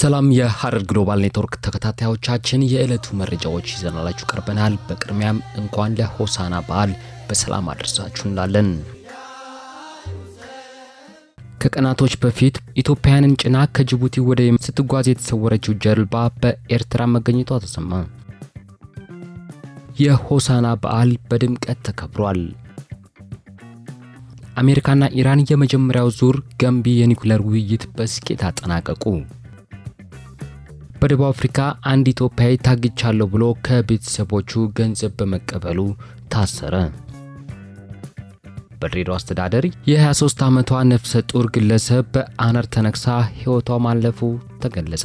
ሰላም የሐረር ግሎባል ኔትወርክ ተከታታዮቻችን የዕለቱ መረጃዎች ይዘናላችሁ ቀርበናል። በቅድሚያም እንኳን ለሆሳና በዓል በሰላም አድርሳችሁ እንላለን። ከቀናቶች በፊት ኢትዮጵያውያንን ጭና ከጅቡቲ ወደ የመን ስትጓዝ የተሰወረችው ጀልባ በኤርትራ መገኘቷ ተሰማ። የሆሳና በዓል በድምቀት ተከብሯል። አሜሪካና ኢራን የመጀመሪያው ዙር ገንቢ የኒኩለር ውይይት በስኬት አጠናቀቁ። በደቡብ አፍሪካ አንድ ኢትዮጵያዊ ታግቻለሁ ብሎ ከቤተሰቦቹ ገንዘብ በመቀበሉ ታሰረ። በድሬዳዋ አስተዳደር የ23 ዓመቷ ነፍሰ ጡር ግለሰብ በአነር ተነክሳ ሕይወቷ ማለፉ ተገለጸ።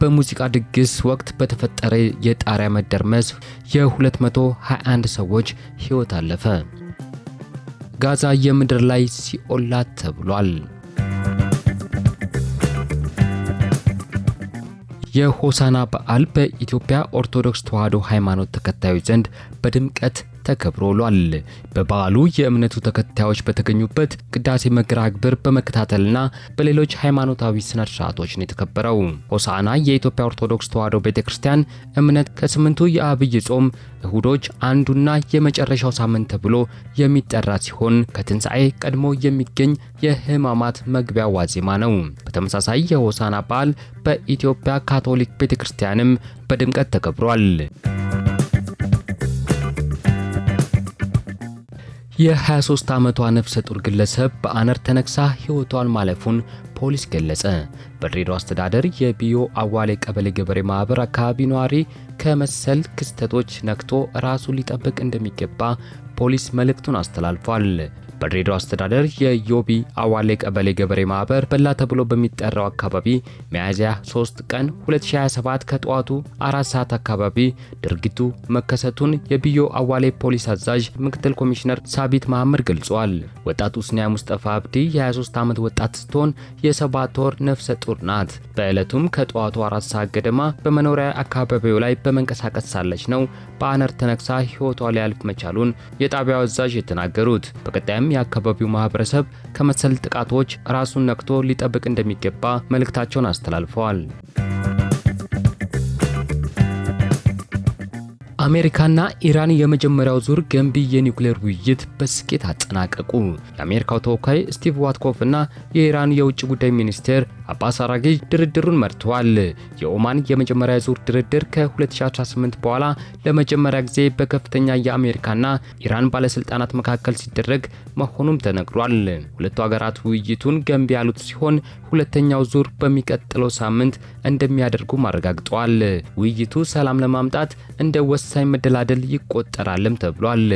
በሙዚቃ ድግስ ወቅት በተፈጠረ የጣሪያ መደርመስ የ221 ሰዎች ሕይወት አለፈ። ጋዛ የምድር ላይ ሲኦላ ተብሏል። የሆሳና በዓል በኢትዮጵያ ኦርቶዶክስ ተዋሕዶ ሃይማኖት ተከታዮች ዘንድ በድምቀት ተከብሮ ውሏል። በበዓሉ የእምነቱ ተከታዮች በተገኙበት ቅዳሴ መገራግብር በመከታተልና በሌሎች ሃይማኖታዊ ስነ ስርዓቶች ነው የተከበረው። ሆሳዕና የኢትዮጵያ ኦርቶዶክስ ተዋሕዶ ቤተክርስቲያን እምነት ከስምንቱ የአብይ ጾም እሁዶች አንዱና የመጨረሻው ሳምንት ተብሎ የሚጠራ ሲሆን ከትንሣኤ ቀድሞ የሚገኝ የህማማት መግቢያ ዋዜማ ነው። በተመሳሳይ የሆሳዕና በዓል በኢትዮጵያ ካቶሊክ ቤተክርስቲያንም በድምቀት ተከብሯል። የ23 ዓመቷ ነፍሰ ጡር ግለሰብ በአነር ተነክሳ ሕይወቷን ማለፉን ፖሊስ ገለጸ። በድሬዳዋ አስተዳደር የቢዮ አዋሌ ቀበሌ ገበሬ ማህበር አካባቢ ነዋሪ ከመሰል ክስተቶች ነክቶ ራሱን ሊጠብቅ እንደሚገባ ፖሊስ መልእክቱን አስተላልፏል። በድሬዳዋ አስተዳደር የዮቢ አዋሌ ቀበሌ ገበሬ ማህበር በላ ተብሎ በሚጠራው አካባቢ ሚያዝያ 3 ቀን 2027 ከጠዋቱ አራት ሰዓት አካባቢ ድርጊቱ መከሰቱን የብዮ አዋሌ ፖሊስ አዛዥ ምክትል ኮሚሽነር ሳቢት መሐመድ ገልጿል። ወጣቱ ስኒያ ሙስጠፋ አብዲ የ23 ዓመት ወጣት ስትሆን የሰባት ወር ነፍሰ ጡር ናት። በዕለቱም ከጠዋቱ አራት ሰዓት ገደማ በመኖሪያ አካባቢው ላይ በመንቀሳቀስ ሳለች ነው በአነር ተነክሳ ህይወቷ ሊያልፍ መቻሉን የጣቢያው አዛዥ የተናገሩት። በቀጣይም የአካባቢው ማህበረሰብ ከመሰል ጥቃቶች ራሱን ነክቶ ሊጠብቅ እንደሚገባ መልእክታቸውን አስተላልፈዋል። አሜሪካና ኢራን የመጀመሪያው ዙር ገንቢ የኒውክሌር ውይይት በስኬት አጠናቀቁ። የአሜሪካው ተወካይ ስቲቭ ዋትኮፍ እና የኢራን የውጭ ጉዳይ ሚኒስቴር አባስ አራጌ ድርድሩን መርተዋል። የኦማን የመጀመሪያ ዙር ድርድር ከ2018 በኋላ ለመጀመሪያ ጊዜ በከፍተኛ የአሜሪካና ኢራን ባለስልጣናት መካከል ሲደረግ መሆኑም ተነግሯል። ሁለቱ ሀገራት ውይይቱን ገንቢ ያሉት ሲሆን ሁለተኛው ዙር በሚቀጥለው ሳምንት እንደሚያደርጉም አረጋግጠዋል። ውይይቱ ሰላም ለማምጣት እንደ ወሳኝ መደላደል ይቆጠራልም ተብሏል።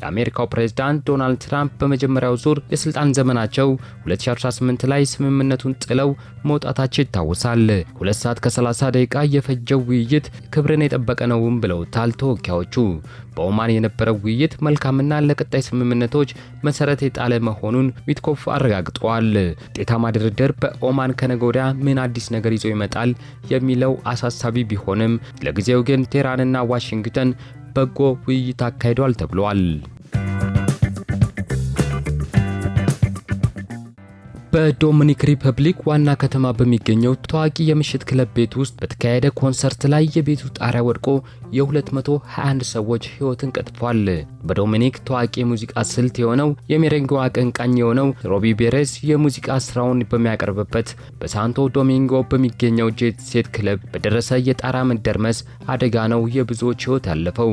የአሜሪካው ፕሬዝዳንት ዶናልድ ትራምፕ በመጀመሪያው ዙር የስልጣን ዘመናቸው 2018 ላይ ስምምነቱን ጥለው መውጣታቸው ይታወሳል። ሁለት ሰዓት ከ30 ደቂቃ የፈጀው ውይይት ክብርን የጠበቀ ነውም ብለውታል ተወካዮቹ። በኦማን የነበረው ውይይት መልካምና ለቀጣይ ስምምነቶች መሰረት የጣለ መሆኑን ዊትኮፍ አረጋግጠዋል። ውጤታማ ድርድር በኦማን ከነገ ወዲያ ምን አዲስ ነገር ይዞ ይመጣል የሚለው አሳሳቢ ቢሆንም ለጊዜው ግን ቴህራንና ዋሽንግተን በጎ ውይይት አካሂደዋል ተብሏል። በዶሚኒክ ሪፐብሊክ ዋና ከተማ በሚገኘው ታዋቂ የምሽት ክለብ ቤት ውስጥ በተካሄደ ኮንሰርት ላይ የቤቱ ጣሪያ ወድቆ የ221 ሰዎች ሕይወትን ቀጥፏል። በዶሚኒክ ታዋቂ የሙዚቃ ስልት የሆነው የሜሬንጎ አቀንቃኝ የሆነው ሮቢ ቤሬስ የሙዚቃ ስራውን በሚያቀርብበት በሳንቶ ዶሚንጎ በሚገኘው ጄት ሴት ክለብ በደረሰ የጣራ መደርመስ አደጋ ነው የብዙዎች ህይወት ያለፈው።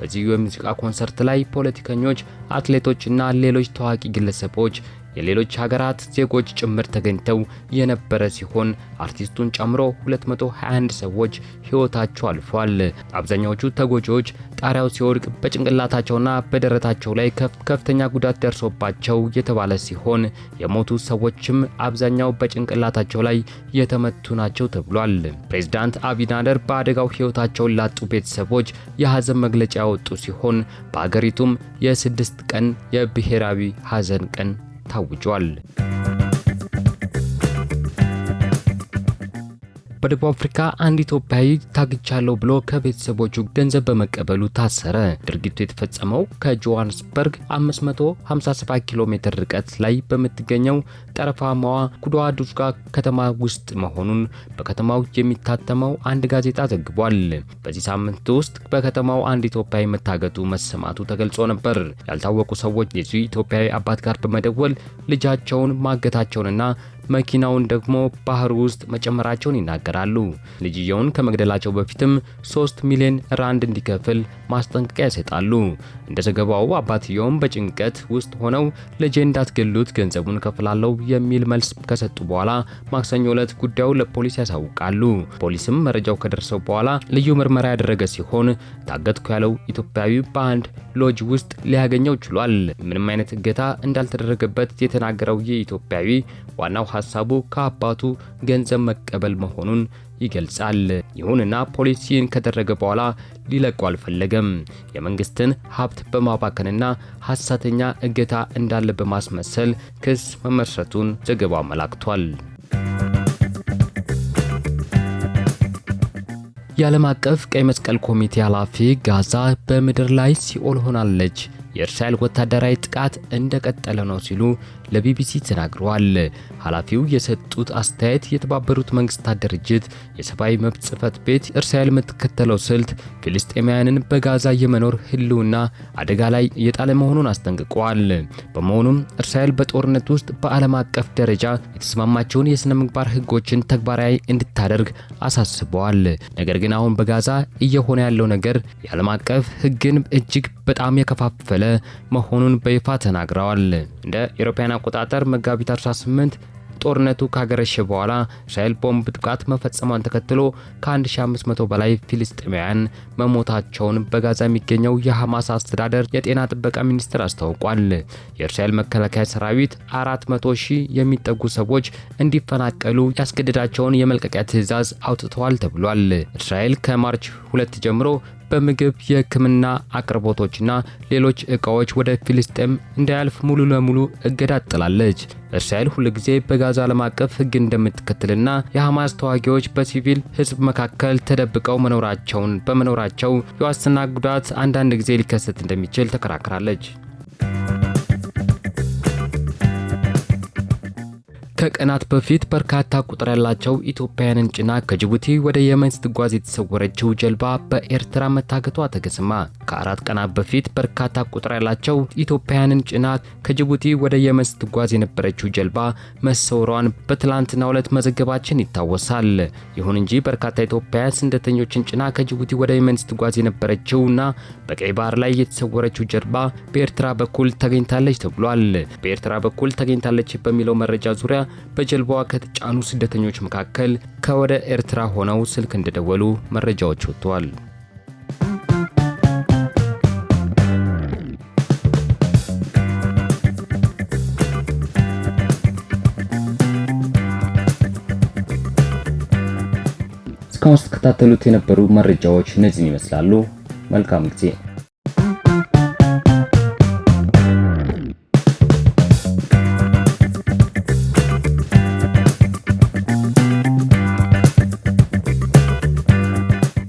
በዚሁ የሙዚቃ ኮንሰርት ላይ ፖለቲከኞች፣ አትሌቶችና ሌሎች ታዋቂ ግለሰቦች የሌሎች ሀገራት ዜጎች ጭምር ተገኝተው የነበረ ሲሆን አርቲስቱን ጨምሮ 221 ሰዎች ህይወታቸው አልፏል። አብዛኛዎቹ ተጎጂዎች ጣሪያው ሲወድቅ በጭንቅላታቸውና በደረታቸው ላይ ከፍተኛ ጉዳት ደርሶባቸው የተባለ ሲሆን የሞቱ ሰዎችም አብዛኛው በጭንቅላታቸው ላይ የተመቱ ናቸው ተብሏል። ፕሬዝዳንት አቢናደር በአደጋው ሕይወታቸውን ላጡ ቤተሰቦች የሀዘን መግለጫ ያወጡ ሲሆን በአገሪቱም የስድስት ቀን የብሔራዊ ሀዘን ቀን ታውጇል። በደቡብ አፍሪካ አንድ ኢትዮጵያዊ ታግቻለሁ ብሎ ከቤተሰቦቹ ገንዘብ በመቀበሉ ታሰረ። ድርጊቱ የተፈጸመው ከጆሃንስበርግ 557 ኪሎ ሜትር ርቀት ላይ በምትገኘው ጠረፋማዋ ኩዳዋዱጋ ከተማ ውስጥ መሆኑን በከተማው የሚታተመው አንድ ጋዜጣ ዘግቧል። በዚህ ሳምንት ውስጥ በከተማው አንድ ኢትዮጵያዊ መታገቱ መሰማቱ ተገልጾ ነበር። ያልታወቁ ሰዎች የዚህ ኢትዮጵያዊ አባት ጋር በመደወል ልጃቸውን ማገታቸውንና መኪናውን ደግሞ ባህር ውስጥ መጨመራቸውን ይናገራሉ። ልጅየውን ከመግደላቸው በፊትም 3 ሚሊዮን ራንድ እንዲከፍል ማስጠንቀቂያ ይሰጣሉ። እንደ ዘገባው አባትየውም በጭንቀት ውስጥ ሆነው ልጄ እንዳትገሉት ገንዘቡን ከፍላለው የሚል መልስ ከሰጡ በኋላ ማክሰኞ ዕለት ጉዳዩ ለፖሊስ ያሳውቃሉ። ፖሊስም መረጃው ከደረሰው በኋላ ልዩ ምርመራ ያደረገ ሲሆን ታገትኩ ያለው ኢትዮጵያዊ በአንድ ሎጅ ውስጥ ሊያገኘው ችሏል። ምንም አይነት እገታ እንዳልተደረገበት የተናገረው ይህ ኢትዮጵያዊ ዋናው ሐሳቡ ከአባቱ ገንዘብ መቀበል መሆኑን ይገልጻል። ይሁንና ፖሊሲን ከደረገ በኋላ ሊለቁ አልፈለገም። የመንግስትን ሀብት በማባከንና ሐሰተኛ እገታ እንዳለ በማስመሰል ክስ መመስረቱን ዘገባው አመላክቷል። የዓለም አቀፍ ቀይ መስቀል ኮሚቴ ኃላፊ ጋዛ በምድር ላይ ሲኦል ሆናለች የእስራኤል ወታደራዊ ጥቃት እንደቀጠለ ነው ሲሉ ለቢቢሲ ተናግረዋል። ኃላፊው የሰጡት አስተያየት የተባበሩት መንግስታት ድርጅት የሰብአዊ መብት ጽህፈት ቤት እስራኤል የምትከተለው ስልት ፍልስጤማውያንን በጋዛ የመኖር ህልውና አደጋ ላይ የጣለ መሆኑን አስጠንቅቋል። በመሆኑም እስራኤል በጦርነት ውስጥ በዓለም አቀፍ ደረጃ የተስማማቸውን የሥነ ምግባር ህጎችን ተግባራዊ እንድታደርግ አሳስበዋል። ነገር ግን አሁን በጋዛ እየሆነ ያለው ነገር የዓለም አቀፍ ህግን እጅግ በጣም የከፋፈለ መሆኑን በይፋ ተናግረዋል። እንደ አውሮፓውያን አቆጣጠር መጋቢት 18 ጦርነቱ ካገረሸ በኋላ እስራኤል ቦምብ ጥቃት መፈጸሟን ተከትሎ ከ1500 በላይ ፊልስጤማውያን መሞታቸውን በጋዛ የሚገኘው የሐማስ አስተዳደር የጤና ጥበቃ ሚኒስቴር አስታውቋል። የእስራኤል መከላከያ ሰራዊት 400 ሺህ የሚጠጉ ሰዎች እንዲፈናቀሉ ያስገደዳቸውን የመልቀቂያ ትዕዛዝ አውጥተዋል ተብሏል። እስራኤል ከማርች 2 ጀምሮ በምግብ የሕክምና አቅርቦቶችና ሌሎች ዕቃዎች ወደ ፊልስጤም እንዳያልፍ ሙሉ ለሙሉ እገዳ ጥላለች። እስራኤል ሁልጊዜ በጋዛ ዓለም አቀፍ ሕግ እንደምትከተልና የሐማስ ተዋጊዎች በሲቪል ሕዝብ መካከል ተደብቀው መኖራቸውን በመኖራቸው የዋስትና ጉዳት አንዳንድ ጊዜ ሊከሰት እንደሚችል ተከራክራለች። ከቀናት በፊት በርካታ ቁጥር ያላቸው ኢትዮጵያውያንን ጭና ከጅቡቲ ወደ የመን ስትጓዝ የተሰወረችው ጀልባ በኤርትራ መታገቷ ተገሰማ። ከአራት ቀናት በፊት በርካታ ቁጥር ያላቸው ኢትዮጵያውያንን ጭና ከጅቡቲ ወደ የመን ስትጓዝ የነበረችው ጀልባ መሰወሯን በትላንትናው ዕለት መዘገባችን ይታወሳል። ይሁን እንጂ በርካታ ኢትዮጵያውያን ስደተኞችን ጭና ከጅቡቲ ወደ የመን ስትጓዝ የነበረችውና በቀይ ባህር ላይ የተሰወረችው ጀልባ በኤርትራ በኩል ተገኝታለች ተብሏል። በኤርትራ በኩል ተገኝታለች በሚለው መረጃ ዙሪያ በጀልባዋ ከተጫኑ ስደተኞች መካከል ከወደ ኤርትራ ሆነው ስልክ እንደደወሉ መረጃዎች ወጥተዋል። እስካሁን ስትከታተሉት የነበሩ መረጃዎች እነዚህን ይመስላሉ። መልካም ጊዜ